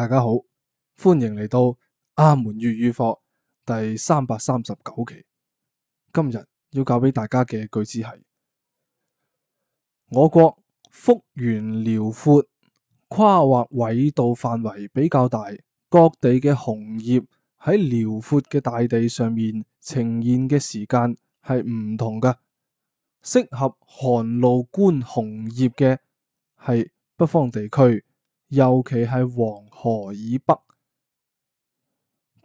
大家好，歡迎嚟到阿門粵語課第三百三十九期。今日要教俾大家嘅句子係：我國幅員遼闊，跨越緯度範圍比較大，各地嘅紅葉喺遼闊嘅大地上面呈現嘅時間係唔同噶。適合寒露觀紅葉嘅係北方地區。尤其係黃河以北，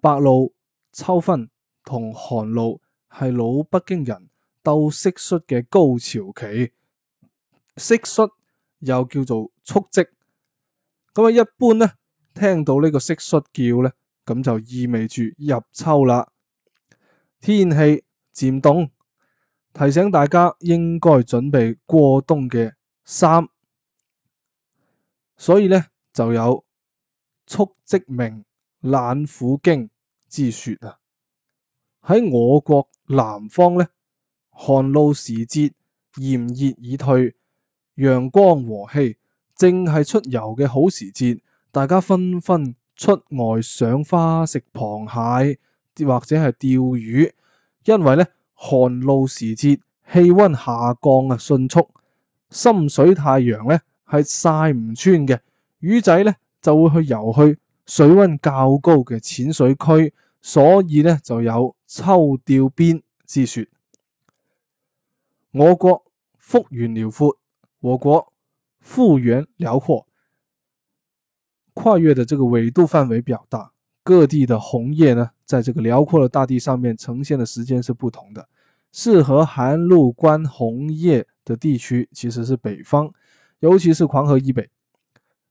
白露、秋分同寒露係老北京人鬥蟋蟀嘅高潮期。蟋蟀又叫做促織，咁啊，一般呢聽到呢個蟋蟀叫呢，咁就意味住入秋啦，天氣漸凍，提醒大家應該準備過冬嘅衫，所以呢。就有促織鳴懶婦驚之說啊！喺我國南方呢，寒露時節炎熱已退，陽光和氣，正係出遊嘅好時節。大家紛紛出外賞花、食螃蟹或者係釣魚。因為呢，寒露時節氣溫下降啊迅速，深水太陽呢係曬唔穿嘅。魚仔呢就會去游去水溫較高嘅淺水區，所以呢，就有秋釣邊之説。我國幅員遼闊，我國幅員遼闊，跨越的這個緯度範圍比較大，各地的紅葉呢，在這個遼闊的大地上面呈現嘅時間是不同的。適合寒露觀紅葉的地區其實是北方，尤其是黃河以北。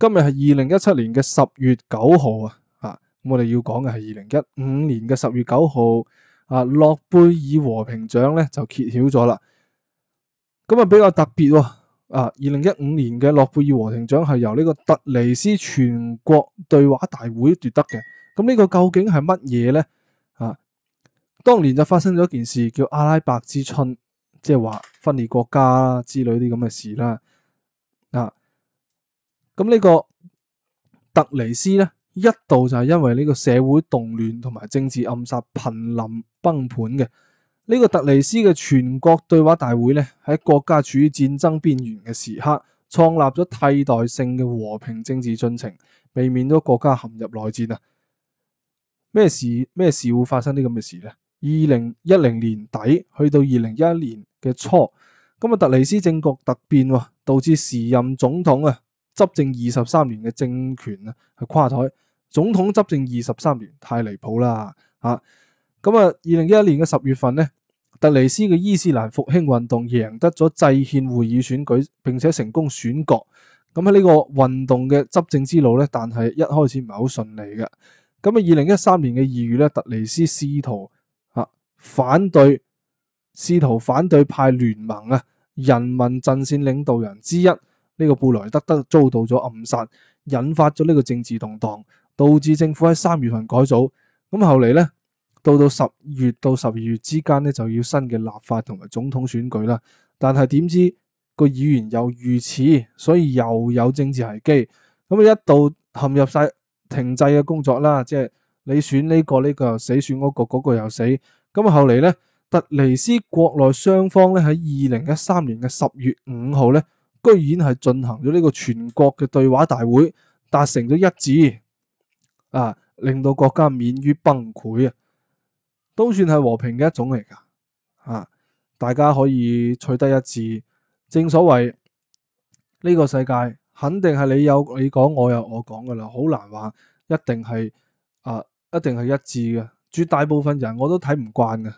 今日係二零一七年嘅十月九號啊，啊，我哋要講嘅係二零一五年嘅十月九號，啊，諾貝爾和平獎咧就揭曉咗啦。咁啊比較特別，哦，啊，二零一五年嘅諾貝爾和平獎係由呢個特尼斯全國對話大會奪得嘅。咁呢個究竟係乜嘢咧？啊，當年就發生咗一件事，叫阿拉伯之春，即係話分裂國家之類啲咁嘅事啦。咁、這個、呢個，個特尼斯咧，一度就係因為呢個社會動亂同埋政治暗殺瀕臨崩盤嘅呢個特尼斯嘅全國對話大會咧，喺國家處於戰爭邊緣嘅時刻，創立咗替代性嘅和平政治進程，避免咗國家陷入內戰啊。咩事咩事會發生？啲咁嘅事咧，二零一零年底去到二零一一年嘅初，咁啊特尼斯政局突變，導致時任總統啊。執政二十三年嘅政權啊，係垮台。總統執政二十三年太離譜啦！啊，咁啊，二零一一年嘅十月份呢，特尼斯嘅伊斯蘭復興運動贏得咗制憲會議選舉，並且成功選角。咁喺呢個運動嘅執政之路呢，但係一開始唔係好順利嘅。咁啊，二零一三年嘅二月呢，特尼斯試圖吓、啊、反對，試圖反對派聯盟啊，人民陣綫領導人之一。呢個布萊德德遭到咗暗殺，引發咗呢個政治動盪，導致政府喺三月份改組。咁後嚟咧，到到十月到十二月之間咧，就要新嘅立法同埋總統選舉啦。但係點知個議員又如此，所以又有政治危機。咁啊，一度陷入晒停滯嘅工作啦，即係你選呢個呢個又死，選嗰個嗰個又死。咁後嚟咧，特尼斯國內雙方咧喺二零一三年嘅十月五號咧。居然係進行咗呢個全國嘅對話大會，達成咗一致啊，令到國家免於崩潰啊，都算係和平嘅一種嚟噶。啊，大家可以取得一致。正所謂呢個世界肯定係你有你講，我有我講噶啦，好難話一定係啊，一定係一致嘅。絕大部分人我都睇唔慣嘅，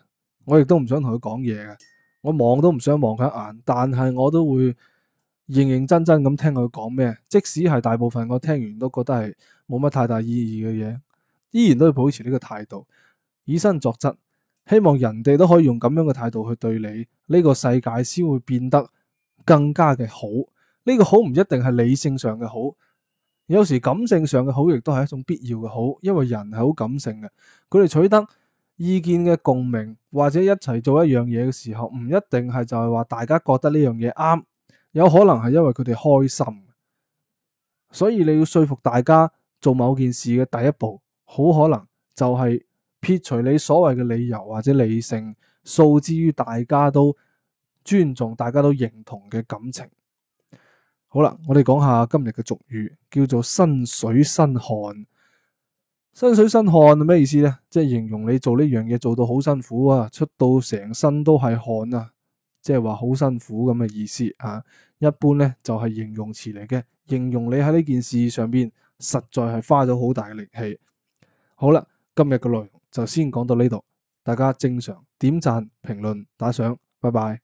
我亦都唔想同佢講嘢嘅，我望都唔想望佢一眼，但係我都會。認認真真咁聽佢講咩，即使係大部分我聽完都覺得係冇乜太大意義嘅嘢，依然都要保持呢個態度，以身作則，希望人哋都可以用咁樣嘅態度去對你，呢個世界先會變得更加嘅好。呢個好唔一定係理性上嘅好，有時感性上嘅好亦都係一種必要嘅好，因為人係好感性嘅。佢哋取得意見嘅共鳴或者一齊做一樣嘢嘅時候，唔一定係就係話大家覺得呢樣嘢啱。有可能係因為佢哋開心，所以你要說服大家做某件事嘅第一步，好可能就係撇除你所謂嘅理由或者理性，訴之於大家都尊重、大家都認同嘅感情。好啦，我哋講下今日嘅俗語，叫做身身“身水身汗”。身水身汗係咩意思呢？即係形容你做呢樣嘢做到好辛苦啊，出到成身都係汗啊！即係話好辛苦咁嘅意思啊，一般咧就係、是、形容詞嚟嘅，形容你喺呢件事上邊實在係花咗好大嘅力氣。好啦，今日嘅內容就先講到呢度，大家正常點贊、評論、打賞，拜拜。